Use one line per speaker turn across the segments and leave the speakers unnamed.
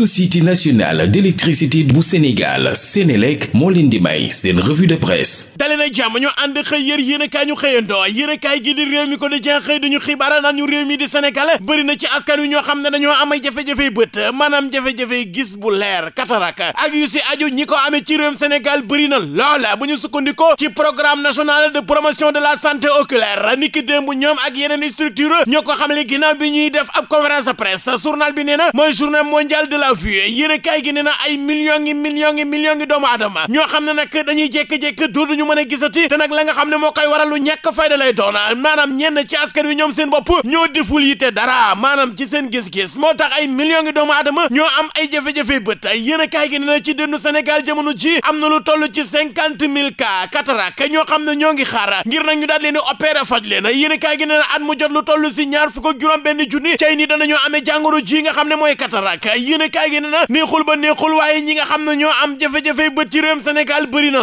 société nationale d'électricité bu Sénégal Sénélec moo leen di may seen revue de presse dale na jàmm ñu ànd xëy yër yéenekaay ñu xëyandoo yéenekaay gi di réew mi ko di jeex xëy dañu xibaara naan ñu réew mi di Sénégal bëri ci askan wi ñoo xam ne dañoo amay jafe-jafey bët maanaam jafe-jafey gis bu leer katarak ak yu si aju ñi ko amee ci réewum Sénégal bëri na loola bu ñu sukkandikoo ci programme national de promotion de la santé oculaire à vue yéen a kaay gi nee na ay millions ngi millions ngi millions ngi doomu aadama ñoo xam ne nag dañuy jékki-jékki duuduñu mën a gisati te nag la nga xam ne moo koy waral lu ñàkk fayda lay doon maanaam ñenn ci askan wi ñoom seen bopp ñoo deful yitte dara maanaam ci seen gis-gis moo tax ay millions ngi doomu aadama ñoo am ay jafe-jafe bët yéen a kaay gi nee na ci dëndu senegal jamono ji am na lu toll ci cinquante mille cas cataracte ñoo xam ne ñoo ngi xaara ngir nag ñu daal leen di opérer faj leen yéen a kaay gi nee na at toll si ñaar fukk ak juróom benn junni cay ni danañoo amee jàngoro ji nga xam ne mooy cataracte kaay gi ne na neexul ba neexul waaye ñi nga xam ne ñoo am jafe-jafe bët ci réewum Sénégal bëri na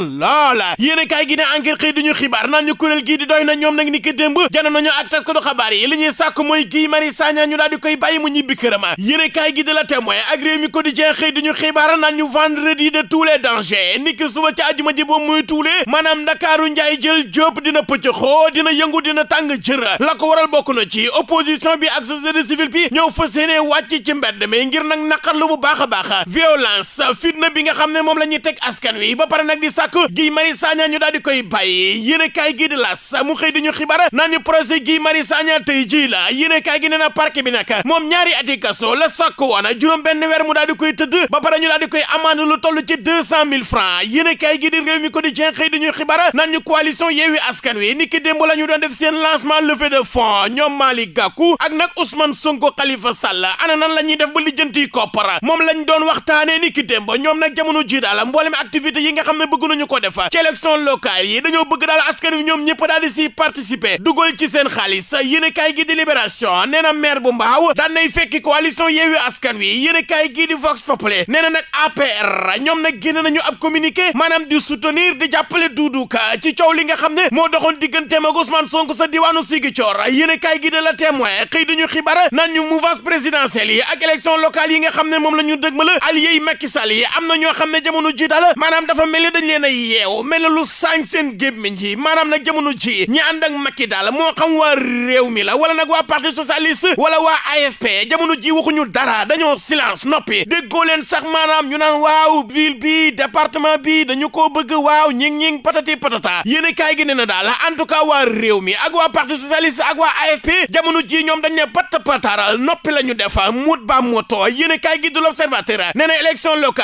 gi ne enquête xëy duñu xibaar naan ñu kuréel gii di doy na ñoom nag ni ki démb jano nañu ak tas ko du xabaar yi li ñuy sàkk mooy Guy Marius ñu daal di koy bàyyi mu ñibbi këram yéen kaay gi de la témoin ak réew mi quotidien xëy duñu xibaar naan ñu vendredi de tous les dangers ni ki suba ci àjjuma ji boobu muy tuulee maanaam Ndakaaru njaay jël jóob dina pëcc xoo dina bokk na ci opposition bi bi ñoo fas yéene wàcc ci mbedd naqarlu bu baax a baax violence fitna bi nga xam ne moom la ñuy teg askan wi ba pare nag di sàkk Guy Marius Sagna ñu daal di koy bàyyi yéene kaay gi di las mu xëy di ñu xibaar naan ñu projet Guy Marius Sagna tey jii la yéene kaay gi nee na parquet bi nag moom ñaari ati kaso la sàkk woon juróom benn weer mu daal koy tëdd ba pare ñu daal koy amande lu toll ci mille francs yéene kaay gi di réew mi quotidien xëy di ñu xibaar naan ñu coalition Yewwi Askan Wi niki la ñu doon def seen lancement levée de fonds ñoom Malick Gakou ak nag Ousmane Sonko nan la ñuy def ba lijjanti koppar koppar moom lañ doon waxtaanee ni ki démb ñoom nag jamono ji daal mboolem activité yi nga xam ne bëgg nañu ko def ci élection locale yi dañoo bëgg daal askan wi ñoom ñëpp daal di si participer dugal ci seen xaalis yéen gi di libération nee na maire bu mbaaw daan nay fekki coalition yeewi askan wi yéen kaay di vox populi nee nag APR ñoom nag génn nañu ab communiqué maanaam di soutenir di jàppale Doudou ci coow li nga xam ne moo doxoon digganteem ak ne moom la ñu dëgmal allié yi Macky Sall yi am na ñoo xam ne jamono ji daal maanaam dafa mel ni dañ leen a yeew mel na lu saañ seen gémmiñ ji maanaam nag jamono ji ñi ànd ak makki daal moo xam waa réew mi la wala nag waa parti socialiste wala waa AFP jamono ji waxuñu dara dañoo silence noppi déggoo leen sax maanaam ñu naan waaw ville bi département bi dañu ko bëgg waaw ñing ñing patati patata yéen kaay gi ne na daal en tout cas waa réew ak waa parti socialiste ak waa jamono ji ñoom dañ ne pat noppi la ñu def mut ba moto gi du l'observateur nee na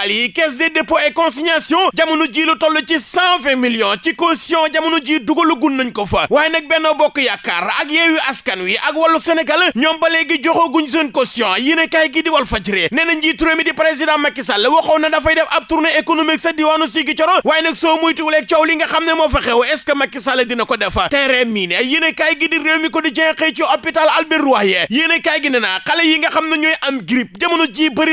yi caisse des dépôts et consignation jamono ji lu toll ci cent vingt millions ci caution jamono ji dugalagun nañ ko fa waaye nag Benno Bokk Yaakaar ak Yewwi Askan Wi ak Wallu Sénégal ñoom ba léegi joxooguñ seen caution yéen kaay gi di Walf Fadjri nee na njiitu réew di président Macky Sall waxoon dafay def ab tournée économique sa diwaanu Ziguinchor waaye nag soo muytuwuleeg coow li nga xam na xale yi nga xam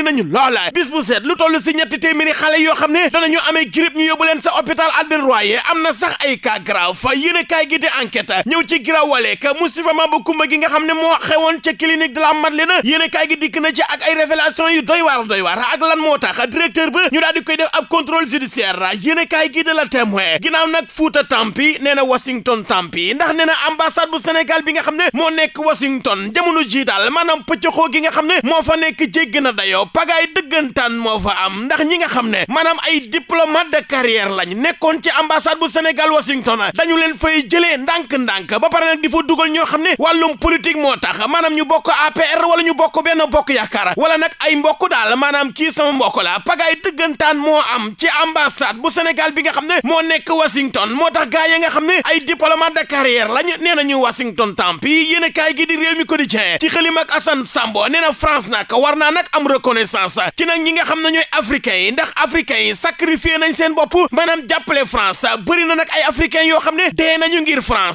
ne bëri nañu loola bis bu seet lu toll si ñetti téeméeri xale yoo xam ne danañu amee grippe ñu yóbbu leen sa hôpital Albert Royer am na sax ay cas grave fa yéene kaay gi di enquête ñëw ci grawale ka musiba ma bu kumba gi nga xam ne moo xewoon ca clinique de la Madeleine yéene kaay gi dikk na ci ak ay révélation yu doy waar doy waar ak lan moo tax directeur ba ñu daal di koy def ab contrôle judiciaire yéene kaay gi de la témoin ginnaaw nag Fuuta tampi nee na Washington ndax nee na ambassade bu Sénégal bi nga xam ne moo nekk Washington jamono ji daal maanaam pëccëxoo gi nga xam ne moo fa nekk jégg na dayoo pagaay dëggantaan moo fa am ndax ñi nga xam ne maanaam ay diplomate de carrière lañ nekkoon ci ambassade bu Sénégal Washington dañu leen fay jëlee ndànk-ndànk ba pare nag di dugal ñoo xam ne wàllum politique moo tax maanaam ñu bokk APR wala ñu bokk benn bokk yaakaar wala nag ay mbokk daal maanaam kii sama mbokk la pagaay dëggantaan moo am ci ambassade bu Sénégal bi nga xam ne moo nekk Washington moo tax gaa yi nga xam ne ay diplomate de carrière lañ nee nañu Washington tampi yéen a kaay gi di réew mi quotidien ci xëlim ak Sambo nee na France war naa nag am reconnaissance reconnaissance ci nag ñi nga xam ne ñooy africain yi ndax africain yi sacrifié nañ seen bopp maanaam jàppale France bëri na nag ay africain yoo xam ne dee nañu ngir nga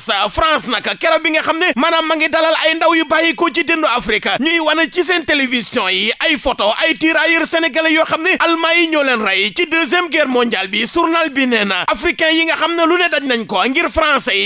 xam ma ngi dalal ay yu bàyyi ko ci dëndu Afrique ñuy wane yoo xam ne almaañ yi ñoo leen rey na yi nga xam ne lu ne ko yi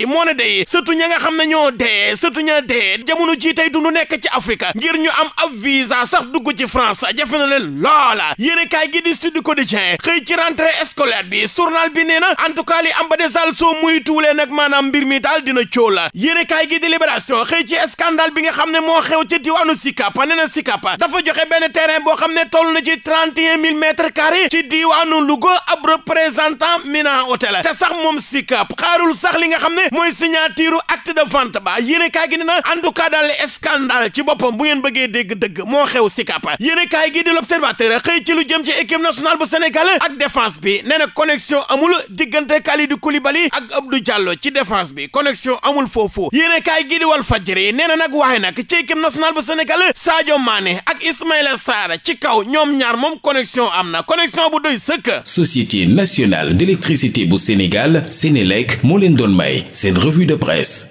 moo ne day surtout ña nga xam ne ñoo dee surtout ña dee jamono ji tey dundu nekk ci Afrique ñu am ab visa sax dugg ci France jafe na leen loola yéen kaay gi di Sud Quotidien xëy ci rentrée scolaire bi journal bi nee na en tout cas li am ba de sal soo muy tuulee nag maanaam mbir mi daal dina coow la yéen kaay gi di Libération xëy ci scandale bi nga xam ne moo xew ci diwaanu Sicap nee na Sicap dafa joxe benn terrain boo xam ne toll na ci trente et un mille mètres carrés ci diwaanu Louga ab représentant Mina Hôtel te sax moom Sicap xaarul sax li nga xam ne mooy signature acte de vente ba yéene kaay gi ne na en tout cas daal scandale ci boppam bu ngeen bëggee dégg dëgg moo xew Sicap yéene kaay gi di l'observateur xëy ci lu jëm ci équipe nationale bu Sénégal ak défense bi nee na connexion amul diggante Kalidou Koulibaly ak Abdou Diallo ci défense bi connexion amul foofu yéene kaay gi di wal fajri nee na nag waaye nag ci équipe nationale bu Sénégal Sadio Mané ak Ismaïla Sarr ci kaw ñoom ñaar moom connexion am na connexion bu doy sëkk. Société nationale d'électricité bu Sénégal Sénélec moo leen doon may seen revue de presse.